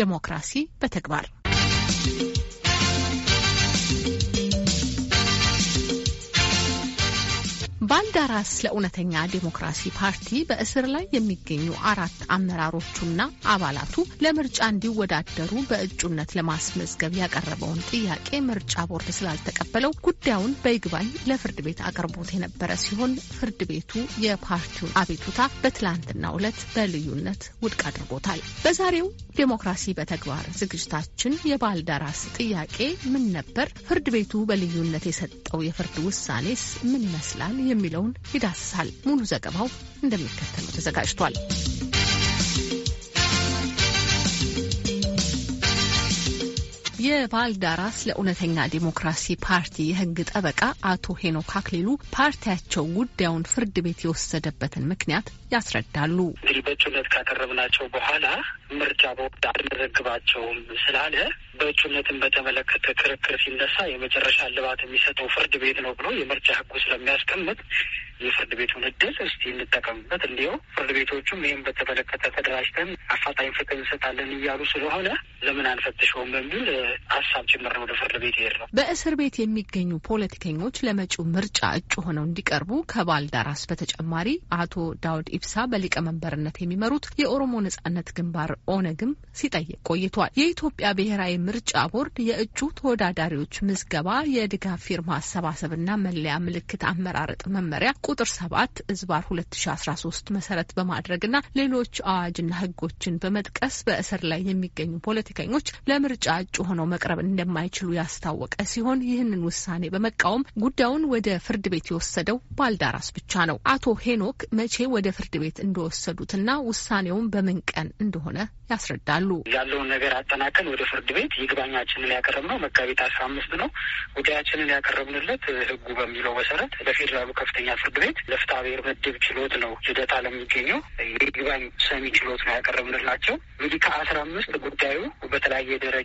ዴሞክራሲ በተግባር ባልደራስ ለእውነተኛ ዴሞክራሲ ፓርቲ በእስር ላይ የሚገኙ አራት አመራሮቹና አባላቱ ለምርጫ እንዲወዳደሩ በእጩነት ለማስመዝገብ ያቀረበውን ጥያቄ ምርጫ ቦርድ ስላልተቀበለው ጉዳዩን በይግባኝ ለፍርድ ቤት አቅርቦት የነበረ ሲሆን ፍርድ ቤቱ የፓርቲውን አቤቱታ በትላንትናው ዕለት በልዩነት ውድቅ አድርጎታል። በዛሬው ዴሞክራሲ በተግባር ዝግጅታችን የባልደራስ ጥያቄ ምን ነበር? ፍርድ ቤቱ በልዩነት የሰጠው የፍርድ ውሳኔስ ምን ይመስላል? የሚለውን ይዳስሳል። ሙሉ ዘገባው እንደሚከተለው ተዘጋጅቷል። የባልዳራስ ለእውነተኛ ዲሞክራሲ ፓርቲ የህግ ጠበቃ አቶ ሄኖክ አክሊሉ ፓርቲያቸው ጉዳዩን ፍርድ ቤት የወሰደበትን ምክንያት ያስረዳሉ። እንግዲህ በእጩነት ካቀረብናቸው በኋላ ምርጫ ቦርድ አልመዘግባቸውም ስላለ በእጩነትን በተመለከተ ክርክር ሲነሳ የመጨረሻ እልባት የሚሰጠው ፍርድ ቤት ነው ብሎ የምርጫ ህጉ ስለሚያስቀምጥ የፍርድ ቤቱን እድል እስቲ እንጠቀምበት፣ እንዲሁ ፍርድ ቤቶቹም ይህም በተመለከተ ተደራጅተን አፋጣኝ ፍትህ እንሰጣለን እያሉ ስለሆነ ለምን አንፈትሸውም በሚል ሀሳብ ጭምር ነው ወደ ፍርድ ቤት ይሄድ ነው። በእስር ቤት የሚገኙ ፖለቲከኞች ለመጪው ምርጫ እጩ ሆነው እንዲቀርቡ ከባልዳራስ በተጨማሪ አቶ ዳውድ ኢብሳ በሊቀመንበርነት የሚመሩት የኦሮሞ ነጻነት ግንባር ኦነግም ሲጠይቅ ቆይቷል። የኢትዮጵያ ብሔራዊ ምርጫ ቦርድ የእጩ ተወዳዳሪዎች ምዝገባ የድጋፍ ፊርማ አሰባሰብና መለያ ምልክት አመራረጥ መመሪያ ቁጥር ሰባት እዝባር ሁለት ሺ አስራ ሶስት መሰረት በማድረግና ሌሎች አዋጅና ህጎችን በመጥቀስ በእስር ላይ የሚገኙ ፖለቲከኞች ለምርጫ እጩ ሆነው ሆነው መቅረብ እንደማይችሉ ያስታወቀ ሲሆን ይህንን ውሳኔ በመቃወም ጉዳዩን ወደ ፍርድ ቤት የወሰደው ባልዳራስ ብቻ ነው። አቶ ሄኖክ መቼ ወደ ፍርድ ቤት እንደወሰዱትና ውሳኔውን በምን ቀን እንደሆነ ያስረዳሉ። ያለውን ነገር አጠናቀን ወደ ፍርድ ቤት ይግባኛችንን ያቀረብነው መጋቢት አስራ አምስት ነው። ጉዳያችንን ያቀረብንለት ህጉ በሚለው መሰረት ለፌዴራሉ ከፍተኛ ፍርድ ቤት ለፍትሐ ብሔር ምድብ ችሎት ነው ልደታ ለሚገኘው ይግባኝ ሰሚ ችሎት ነው ያቀረብንላቸው። እንግዲህ ከአስራ አምስት ጉዳዩ በተለያየ ደረጃ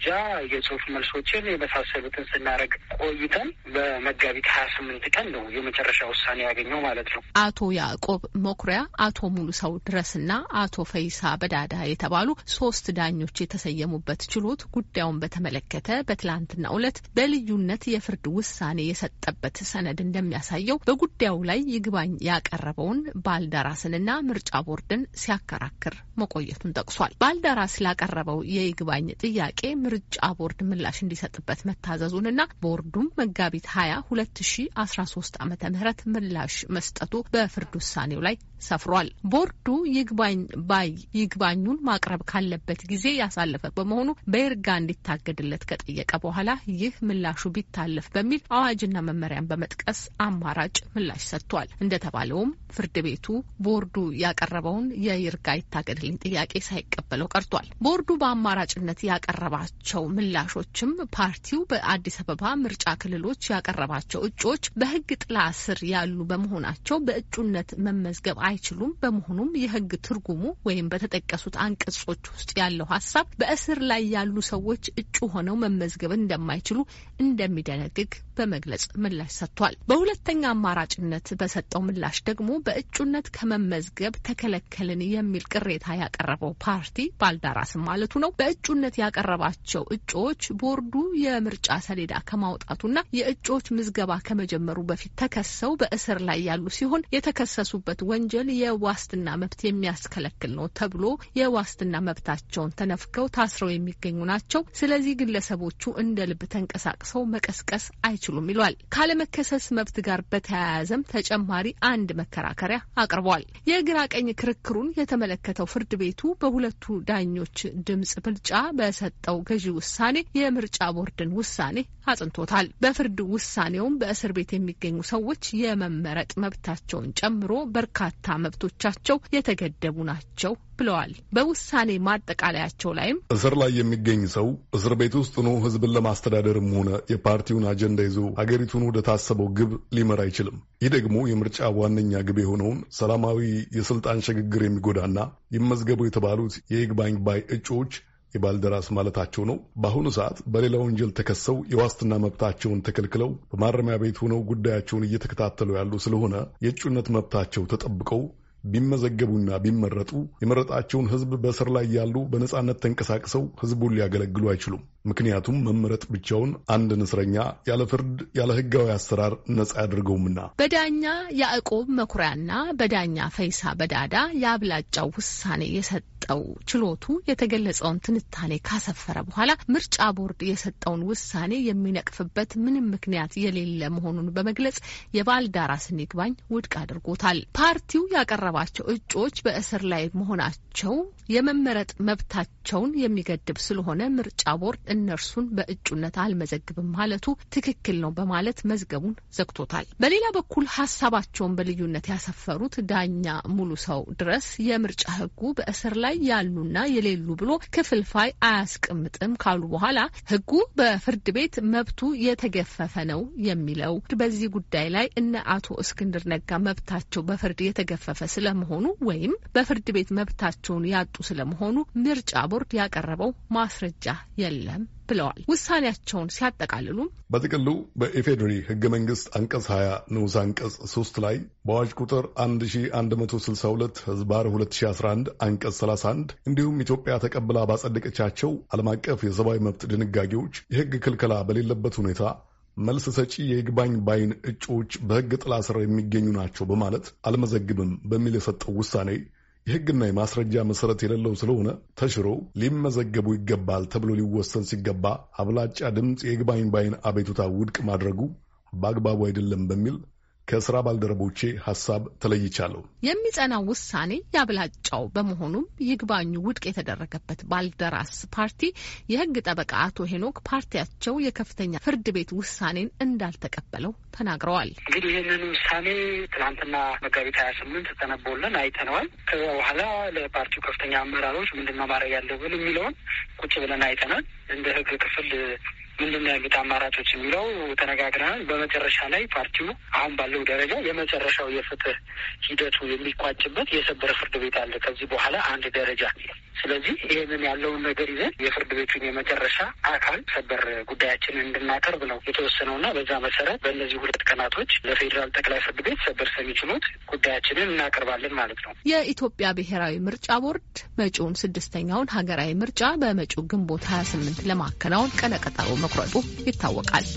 የጽሁፍ መልሶችን የመሳሰሉትን ስናደርግ ቆይተን በመጋቢት ሀያ ስምንት ቀን ነው የመጨረሻ ውሳኔ ያገኘው ማለት ነው። አቶ ያዕቆብ መኩሪያ፣ አቶ ሙሉ ሰው ድረስና አቶ ፈይሳ በዳዳ የተባሉ ሶስት ዳኞች የተሰየሙበት ችሎት ጉዳዩን በተመለከተ በትላንትናው ዕለት በልዩነት የፍርድ ውሳኔ የሰጠበት ሰነድ እንደሚያሳየው በጉዳዩ ላይ ይግባኝ ያቀረበውን ባልደራስንና ምርጫ ቦርድን ሲያከራክር መቆየቱን ጠቅሷል። ባልደራስ ላቀረበው የይግባኝ ጥያቄ ምርጫ ቦርድ ቦርድ ምላሽ እንዲሰጥበት መታዘዙንና ቦርዱም መጋቢት ሀያ ሁለት ሺ አስራ ሶስት አመተ ምህረት ምላሽ መስጠቱ በፍርድ ውሳኔው ላይ ሰፍሯል። ቦርዱ ይግባኝ ባይ ይግባኙን ማቅረብ ካለበት ጊዜ ያሳለፈ በመሆኑ በይርጋ እንዲታገድለት ከጠየቀ በኋላ ይህ ምላሹ ቢታለፍ በሚል አዋጅና መመሪያን በመጥቀስ አማራጭ ምላሽ ሰጥቷል። እንደተባለውም ፍርድ ቤቱ ቦርዱ ያቀረበውን የይርጋ ይታገድልኝ ጥያቄ ሳይቀበለው ቀርቷል። ቦርዱ በአማራጭነት ያቀረባቸው ምላሾችም ፓርቲው በአዲስ አበባ ምርጫ ክልሎች ያቀረባቸው እጩዎች በህግ ጥላ ስር ያሉ በመሆናቸው በእጩነት መመዝገብ አይችሉም። በመሆኑም የህግ ትርጉሙ ወይም በተጠቀሱት አንቀጾች ውስጥ ያለው ሀሳብ በእስር ላይ ያሉ ሰዎች እጩ ሆነው መመዝገብ እንደማይችሉ እንደሚደነግግ በመግለጽ ምላሽ ሰጥቷል። በሁለተኛ አማራጭነት በሰጠው ምላሽ ደግሞ በእጩነት ከመመዝገብ ተከለከልን የሚል ቅሬታ ያቀረበው ፓርቲ ባልደራስም ማለቱ ነው በእጩነት ያቀረባቸው እጩዎች ቦርዱ የምርጫ ሰሌዳ ከማውጣቱና የእጩዎች ምዝገባ ከመጀመሩ በፊት ተከሰው በእስር ላይ ያሉ ሲሆን የተከሰሱበት ወንጀል ክልል የዋስትና መብት የሚያስከለክል ነው ተብሎ የዋስትና መብታቸውን ተነፍገው ታስረው የሚገኙ ናቸው። ስለዚህ ግለሰቦቹ እንደ ልብ ተንቀሳቅሰው መቀስቀስ አይችሉም ይሏል። ካለመከሰስ መብት ጋር በተያያዘም ተጨማሪ አንድ መከራከሪያ አቅርቧል። የግራ ቀኝ ክርክሩን የተመለከተው ፍርድ ቤቱ በሁለቱ ዳኞች ድምጽ ብልጫ በሰጠው ገዢ ውሳኔ የምርጫ ቦርድን ውሳኔ አጽንቶታል። በፍርድ ውሳኔውም በእስር ቤት የሚገኙ ሰዎች የመመረጥ መብታቸውን ጨምሮ በርካታ በርካታ መብቶቻቸው የተገደቡ ናቸው ብለዋል። በውሳኔ ማጠቃለያቸው ላይም እስር ላይ የሚገኝ ሰው እስር ቤት ውስጥ ሆኖ ህዝብን ለማስተዳደርም ሆነ የፓርቲውን አጀንዳ ይዞ ሀገሪቱን ወደ ታሰበው ግብ ሊመራ አይችልም። ይህ ደግሞ የምርጫ ዋነኛ ግብ የሆነውን ሰላማዊ የስልጣን ሽግግር የሚጎዳና ይመዝገቡ የተባሉት የይግባኝ ባይ እጩዎች የባልደራስ ማለታቸው ነው። በአሁኑ ሰዓት በሌላ ወንጀል ተከሰው የዋስትና መብታቸውን ተከልክለው በማረሚያ ቤት ሆነው ጉዳያቸውን እየተከታተሉ ያሉ ስለሆነ የእጩነት መብታቸው ተጠብቀው ቢመዘገቡና ቢመረጡ የመረጣቸውን ሕዝብ በእስር ላይ ያሉ በነጻነት ተንቀሳቅሰው ሕዝቡን ሊያገለግሉ አይችሉም። ምክንያቱም መመረጥ ብቻውን አንድን እስረኛ ያለ ፍርድ ያለ ህጋዊ አሰራር ነጻ ያደርገውምና። በዳኛ ያዕቆብ መኩሪያና በዳኛ ፈይሳ በዳዳ የአብላጫው ውሳኔ የሰጠው ችሎቱ የተገለጸውን ትንታኔ ካሰፈረ በኋላ ምርጫ ቦርድ የሰጠውን ውሳኔ የሚነቅፍበት ምንም ምክንያት የሌለ መሆኑን በመግለጽ የባልደራስን ይግባኝ ውድቅ አድርጎታል። ፓርቲው ያቀረባቸው እጩዎች በእስር ላይ መሆናቸው የመመረጥ መብታቸው ስራቸውን የሚገድብ ስለሆነ ምርጫ ቦርድ እነርሱን በእጩነት አልመዘግብም ማለቱ ትክክል ነው በማለት መዝገቡን ዘግቶታል። በሌላ በኩል ሀሳባቸውን በልዩነት ያሰፈሩት ዳኛ ሙሉ ሰው ድረስ የምርጫ ህጉ በእስር ላይ ያሉና የሌሉ ብሎ ክፍልፋይ አያስቀምጥም ካሉ በኋላ ህጉ በፍርድ ቤት መብቱ የተገፈፈ ነው የሚለው በዚህ ጉዳይ ላይ እነ አቶ እስክንድር ነጋ መብታቸው በፍርድ የተገፈፈ ስለመሆኑ ወይም በፍርድ ቤት መብታቸውን ያጡ ስለመሆኑ ምርጫ ቦርድ ያቀረበው ማስረጃ የለም ብለዋል። ውሳኔያቸውን ሲያጠቃልሉም በጥቅሉ በኢፌዴሪ ሕገ መንግስት አንቀጽ 20 ንዑስ አንቀጽ 3 ላይ በአዋጅ ቁጥር 1162 ህዝባር 2011 አንቀጽ 31 እንዲሁም ኢትዮጵያ ተቀብላ ባጸደቀቻቸው ዓለም አቀፍ የሰብአዊ መብት ድንጋጌዎች የህግ ክልከላ በሌለበት ሁኔታ መልስ ሰጪ የይግባኝ ባይን እጩዎች በሕግ ጥላ ስር የሚገኙ ናቸው በማለት አልመዘግብም በሚል የሰጠው ውሳኔ የህግና የማስረጃ መሰረት የሌለው ስለሆነ ተሽሮ ሊመዘገቡ ይገባል ተብሎ ሊወሰን ሲገባ አብላጫ ድምፅ የይግባኝ ባይን አቤቱታ ውድቅ ማድረጉ በአግባቡ አይደለም በሚል ከስራ ባልደረቦቼ ሀሳብ ተለይቻለሁ። የሚጸናው ውሳኔ ያብላጫው በመሆኑም ይግባኙ ውድቅ የተደረገበት ባልደራስ ፓርቲ የህግ ጠበቃ አቶ ሄኖክ ፓርቲያቸው የከፍተኛ ፍርድ ቤት ውሳኔን እንዳልተቀበለው ተናግረዋል። እንግዲህ ይህንን ውሳኔ ትናንትና መጋቢት ሀያ ስምንት ተነቦልን አይተነዋል። ከዛ በኋላ ለፓርቲው ከፍተኛ አመራሮች ምንድን ማድረግ ያለብን የሚለውን ቁጭ ብለን አይተናል። እንደ ህግ ክፍል ምንድን ነው ያሉት አማራጮች የሚለው ተነጋግረናል። በመጨረሻ ላይ ፓርቲው አሁን ባለው ደረጃ የመጨረሻው የፍትህ ሂደቱ የሚቋጭበት የሰበር ፍርድ ቤት አለ። ከዚህ በኋላ አንድ ደረጃ ስለዚህ ይህንን ያለውን ነገር ይዘን የፍርድ ቤቱን የመጨረሻ አካል ሰበር ጉዳያችንን እንድናቀርብ ነው የተወሰነውና በዛ መሰረት በእነዚህ ሁለት ቀናቶች ለፌዴራል ጠቅላይ ፍርድ ቤት ሰበር ሰሚ ችሎት ጉዳያችንን እናቀርባለን ማለት ነው። የኢትዮጵያ ብሔራዊ ምርጫ ቦርድ መጪውን ስድስተኛውን ሀገራዊ ምርጫ በመጪው ግንቦት ሀያ ስምንት ለማከናወን ቀነቀጠሮ መቁረጡ ይታወቃል።